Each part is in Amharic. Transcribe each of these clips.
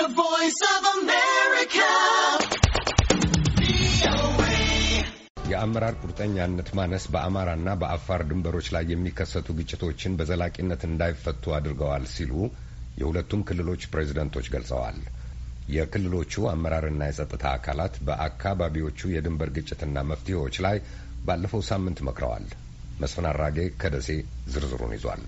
The Voice of America. የአመራር ቁርጠኛነት ማነስ በአማራና በአፋር ድንበሮች ላይ የሚከሰቱ ግጭቶችን በዘላቂነት እንዳይፈቱ አድርገዋል ሲሉ የሁለቱም ክልሎች ፕሬዝደንቶች ገልጸዋል። የክልሎቹ አመራርና የጸጥታ አካላት በአካባቢዎቹ የድንበር ግጭትና መፍትሄዎች ላይ ባለፈው ሳምንት መክረዋል። መስፍን አራጌ ከደሴ ዝርዝሩን ይዟል።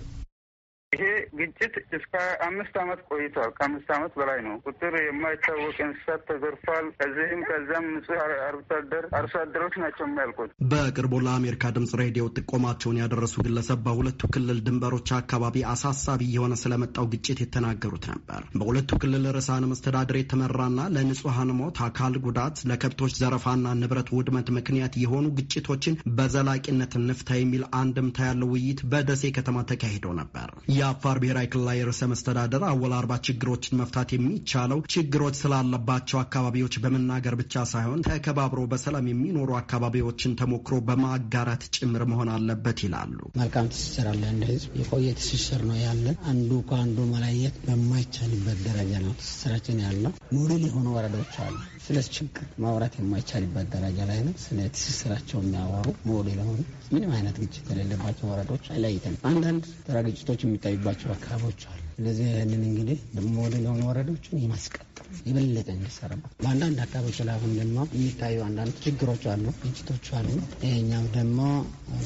ግጭት እስከ አምስት ዓመት ቆይቷል። ከአምስት ዓመት በላይ ነው። ቁጥር የማይታወቅ እንስሳት ተዘርፏል። ከዚህም ከዚያም ንጹህ አርብቶ አደር አርሶ አደሮች ናቸው የሚያልቁት። በቅርቡ ለአሜሪካ ድምጽ ሬዲዮ ጥቆማቸውን ያደረሱ ግለሰብ በሁለቱ ክልል ድንበሮች አካባቢ አሳሳቢ የሆነ ስለመጣው ግጭት የተናገሩት ነበር። በሁለቱ ክልል ርዕሳነ መስተዳድር የተመራና ለንጹሐን ሞት፣ አካል ጉዳት፣ ለከብቶች ዘረፋና ንብረት ውድመት ምክንያት የሆኑ ግጭቶችን በዘላቂነት እንፍታ የሚል አንድምታ ያለው ውይይት በደሴ ከተማ ተካሂዶ ነበር። የአፋር ብሔራዊ ክልላዊ ርዕሰ መስተዳደር አወል አርባ ችግሮችን መፍታት የሚቻለው ችግሮች ስላለባቸው አካባቢዎች በመናገር ብቻ ሳይሆን ተከባብሮ በሰላም የሚኖሩ አካባቢዎችን ተሞክሮ በማጋራት ጭምር መሆን አለበት ይላሉ። መልካም ትስስር አለ። እንደ ህዝብ የቆየ ትስስር ነው ያለን። አንዱ ከአንዱ መለየት በማይቻልበት ደረጃ ነው ትስስራችን ያለው። ሞዴል የሆኑ ወረዳዎች አሉ። ስለ ችግር ማውራት የማይቻልበት ደረጃ ላይ ነው። ስለ ትስስራቸው የሚያወሩ ሞዴል የሆኑ ምንም አይነት ግጭት የሌለባቸው ወረዳዎች አይለይተን አንዳንድ ተራ ግጭቶች የሚታዩባቸው አካባቢዎች አሉ። እነዚህ ይህንን እንግዲህ ደግሞ ወደ ለሆነ ወረዳዎችን የማስቀጠል የበለጠ እንዲሰራ በአንዳንድ አካባቢዎች ላይ አሁን ደግሞ የሚታዩ አንዳንድ ችግሮች አሉ፣ ግጭቶች አሉ። ይህኛው ደግሞ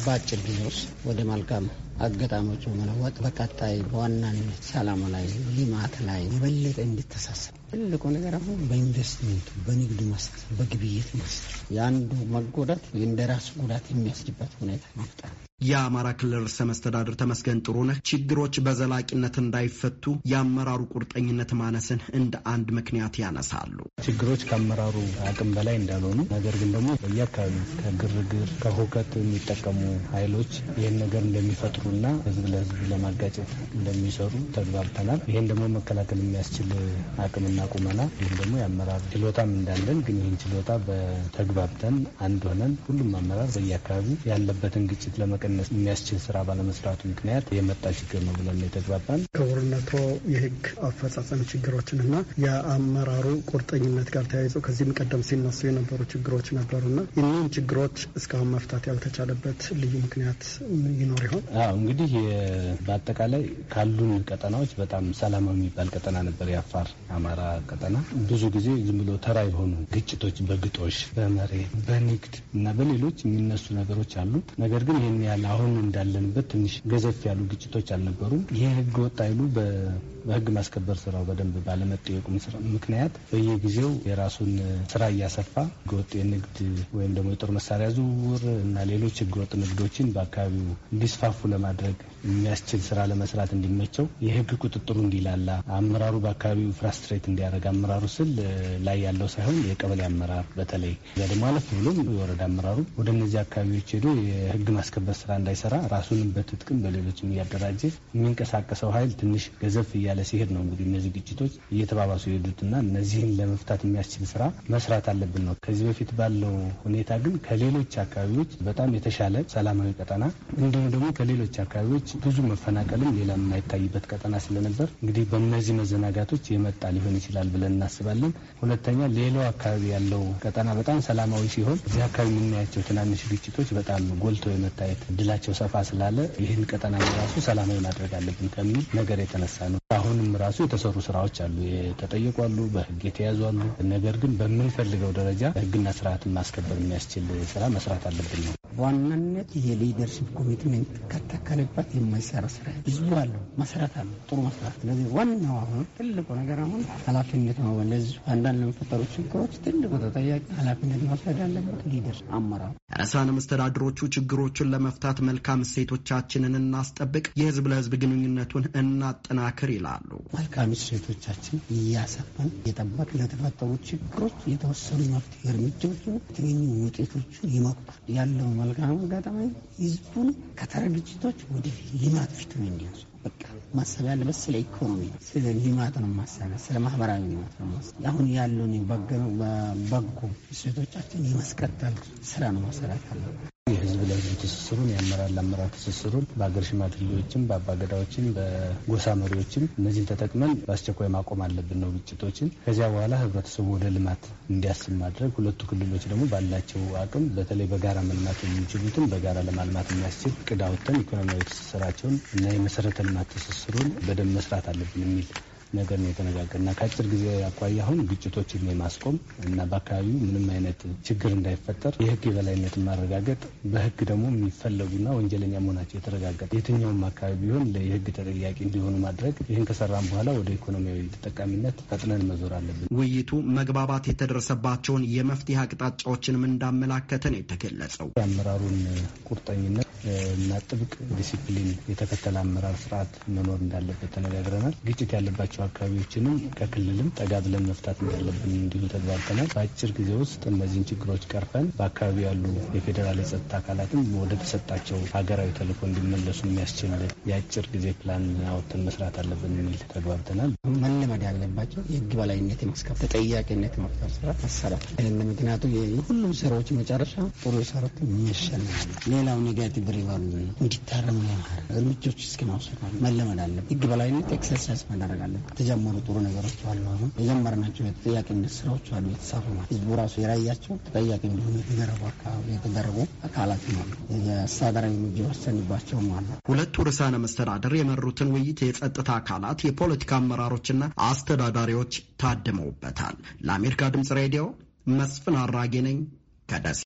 በአጭር ጊዜ ውስጥ ወደ መልካም አጋጣሚዎች መለወጥ በቀጣይ በዋናነት ሰላሙ ላይ ልማት ላይ የበለጠ እንዲተሳሰብ ትልቁ ነገር አሁን በኢንቨስትመንቱ በንግዱ መሰረት በግብይት መሰረት የአንዱ መጎዳት እንደራሱ ጉዳት የሚያስድበት ሁኔታ መፍጠር የአማራ ክልል ርዕሰ መስተዳድር ተመስገን ጥሩነህ ችግሮች በዘላቂነት እንዳይፈቱ የአመራሩ ቁርጠኝነት ማነስን እንደ አንድ ምክንያት ያነሳሉ። ችግሮች ከአመራሩ አቅም በላይ እንዳልሆኑ፣ ነገር ግን ደግሞ በየአካባቢ ከግርግር ከሁከት የሚጠቀሙ ኃይሎች ይህን ነገር እንደሚፈጥሩና ህዝብ ለህዝብ ለማጋጨት እንደሚሰሩ ተግባብተናል። ይህን ደግሞ መከላከል የሚያስችል አቅምና ቁመና ይህም ደግሞ የአመራር ችሎታም እንዳለን ግን ይህን ችሎታ በተግባብተን አንድ ሆነን ሁሉም አመራር በየአካባቢ ያለበትን ግጭት ለመቀነስ የሚያስችል ስራ ባለመስራቱ ምክንያት የመጣ ችግር ነው ብለን የተግባባን። ክቡርነቶ የህግ አፈጻጸም ችግሮችንና የአመራሩ ቁርጠኝነት ጋር ተያይዞ ከዚህም ቀደም ሲነሱ የነበሩ ችግሮች ነበሩና እኒህን ችግሮች እስካሁን መፍታት ያልተቻለበት ልዩ ምክንያት ይኖር ይሆን? አዎ እንግዲህ በአጠቃላይ ካሉን ቀጠናዎች በጣም ሰላማዊ የሚባል ቀጠና ነበር የአፋር አማራ ቀጠና። ብዙ ጊዜ ዝም ብሎ ተራ የሆኑ ግጭቶች በግጦሽ በመሬት በንግድ እና በሌሎች የሚነሱ ነገሮች አሉ። ነገር ግን ይህን እንዳለ አሁን እንዳለንበት ትንሽ ገዘፍ ያሉ ግጭቶች አልነበሩም። ይህ ህገ ወጥ ኃይሉ በህግ ማስከበር ስራው በደንብ ባለመጠየቁ ምክንያት በየጊዜው የራሱን ስራ እያሰፋ ህገወጥ የንግድ ወይም ደግሞ የጦር መሳሪያ ዝውውር እና ሌሎች ህገወጥ ንግዶችን በአካባቢው እንዲስፋፉ ለማድረግ የሚያስችል ስራ ለመስራት እንዲመቸው የህግ ቁጥጥሩ እንዲላላ አመራሩ በአካባቢው ፍራስትሬት እንዲያደርግ አመራሩ ስል ላይ ያለው ሳይሆን የቀበሌ አመራር በተለይ እዚያ ደግሞ አለፍ ብሎም የወረዳ አመራሩ ወደ እነዚህ አካባቢዎች ሄዶ የህግ ማስከበር ስራ እንዳይሰራ ራሱንም በትጥቅም በሌሎችም እያደራጀ የሚንቀሳቀሰው ሀይል ትንሽ ገዘፍ እያ እያለ ሲሄድ ነው እንግዲህ እነዚህ ግጭቶች እየተባባሱ የሄዱትና እነዚህን ለመፍታት የሚያስችል ስራ መስራት አለብን ነው። ከዚህ በፊት ባለው ሁኔታ ግን ከሌሎች አካባቢዎች በጣም የተሻለ ሰላማዊ ቀጠና እንዲሁም ደግሞ ከሌሎች አካባቢዎች ብዙ መፈናቀልም ሌላ የማይታይበት ቀጠና ስለነበር እንግዲህ በእነዚህ መዘናጋቶች የመጣ ሊሆን ይችላል ብለን እናስባለን። ሁለተኛ ሌላው አካባቢ ያለው ቀጠና በጣም ሰላማዊ ሲሆን እዚህ አካባቢ የምናያቸው ትናንሽ ግጭቶች በጣም ጎልተው የመታየት እድላቸው ሰፋ ስላለ ይህን ቀጠና ራሱ ሰላማዊ ማድረግ አለብን ከሚል ነገር የተነሳ ነው። አሁንም ራሱ የተሰሩ ስራዎች አሉ። የተጠየቁ አሉ፣ በህግ የተያዙ አሉ። ነገር ግን በምንፈልገው ደረጃ ህግና ስርዓትን ማስከበር የሚያስችል ስራ መስራት አለብን ነው በዋናነት ይሄ ሊደርሽፕ ኮሚትመንት ከተከለበት የማይሰራ ስራ ብዙ አለው፣ መስራት አለ፣ ጥሩ መስራት። ስለዚህ ዋናው አሁን ትልቁ ነገር አሁን ኃላፊነት ነው። ለዚህ አንዳንድ ለመፈጠሩ ችግሮች ትልቁ ተጠያቂ ኃላፊነት መውሰድ አለበት ሊደር አመራሩ። ርዕሳነ መስተዳድሮቹ ችግሮቹን ለመፍታት መልካም እሴቶቻችንን እናስጠብቅ፣ የህዝብ ለህዝብ ግንኙነቱን እናጠናክር ይላል። ይመክራሉ። መልካም እሴቶቻችን እያሰፋን እየጠበቅ ለተፈጠሩ ችግሮች የተወሰኑ መፍትሄ እርምጃዎችን የተገኙ ውጤቶችን ይመክቷል። ያለው መልካም አጋጣሚ ህዝቡን ከተረ ግጭቶች ወደ ልማት ፊቱን እንዲያዙ በቃ ማሰብ ያለበት ስለ ኢኮኖሚ ስለ ልማት ነው ማሰብ፣ ስለ ማህበራዊ ልማት ነው ማሰብ። አሁን ያለውን በጎ እሴቶቻችን የማስቀጠል ስራ ነው መሰራት አለበት። የህዝብ ለህዝብ ትስስሩን የአመራር ለአመራር ትስስሩን በሀገር ሽማግሌዎችም በአባገዳዎችም በጎሳ መሪዎችም እነዚህን ተጠቅመን በአስቸኳይ ማቆም አለብን ነው ግጭቶችን። ከዚያ በኋላ ህብረተሰቡ ወደ ልማት እንዲያስብ ማድረግ፣ ሁለቱ ክልሎች ደግሞ ባላቸው አቅም በተለይ በጋራ መልማት የሚችሉትን በጋራ ለማልማት የሚያስችል ቅዳውተን አውጥተን ኢኮኖሚያዊ ትስስራቸውን እና የመሰረተ ልማት ትስስሩን በደንብ መስራት አለብን የሚል ነገር ነው የተነጋገር ከአጭር ጊዜ አኳያ አሁን ግጭቶችን የማስቆም እና በአካባቢው ምንም አይነት ችግር እንዳይፈጠር የህግ የበላይነት ማረጋገጥ በህግ ደግሞ የሚፈለጉና ወንጀለኛ መሆናቸው የተረጋገጠ የትኛውም አካባቢ ቢሆን ለየህግ ተጠያቂ እንዲሆኑ ማድረግ ይህን ከሰራም በኋላ ወደ ኢኮኖሚያዊ ተጠቃሚነት ፈጥነን መዞር አለብን። ውይይቱ መግባባት የተደረሰባቸውን የመፍትሄ አቅጣጫዎችንም እንዳመላከተ ነው የተገለጸው። የአመራሩን ቁርጠኝነት እና ጥብቅ ዲሲፕሊን የተከተለ አመራር ስርዓት መኖር እንዳለበት ተነጋግረናል። ግጭት ያለባቸው አካባቢዎችንም ከክልልም ተጋድለን መፍታት እንዳለብን እንዲሁ ተግባብተናል። በአጭር ጊዜ ውስጥ እነዚህን ችግሮች ቀርፈን በአካባቢ ያሉ የፌዴራል የጸጥታ አካላትም ወደ ተሰጣቸው ሀገራዊ ተልዕኮ እንዲመለሱ የሚያስችል የአጭር ጊዜ ፕላን አውጥተን መስራት አለብን የሚል ተግባብተናል። መለመድ ያለባቸው የህግ በላይነት የማስከበር ተጠያቂነት መፍጠር ስራ መሰራት ምክንያቱ የሁሉም ስራዎች መጨረሻ ጥሩ የሰሩት ይሸልማል። ሌላው ኔጋቲቭ ሪቫሉ እንዲታረሙ እርምጃዎች እስከ ማውሰድ መለመድ አለብን። ህግ በላይነት ኤክሰርሳይዝ መደረግ አለብን። የተጀመሩ ጥሩ ነገሮች አሉ። አሁን የጀመርናቸው የተጠያቂነት ስራዎች አሉ። የተሰሩ ማለት ህዝቡ ራሱ የራያቸው ተጠያቂ እንዲሆኑ የተደረጉ አካባቢ የተደረጉ አካላት አሉ። የአስተዳደራዊ እርምጃ የወሰንባቸውም አሉ። ሁለቱ ርዕሳነ መስተዳደር የመሩትን ውይይት የጸጥታ አካላት፣ የፖለቲካ አመራሮችና አስተዳዳሪዎች ታድመውበታል። ለአሜሪካ ድምጽ ሬዲዮ መስፍን አራጌ ነኝ ከደሴ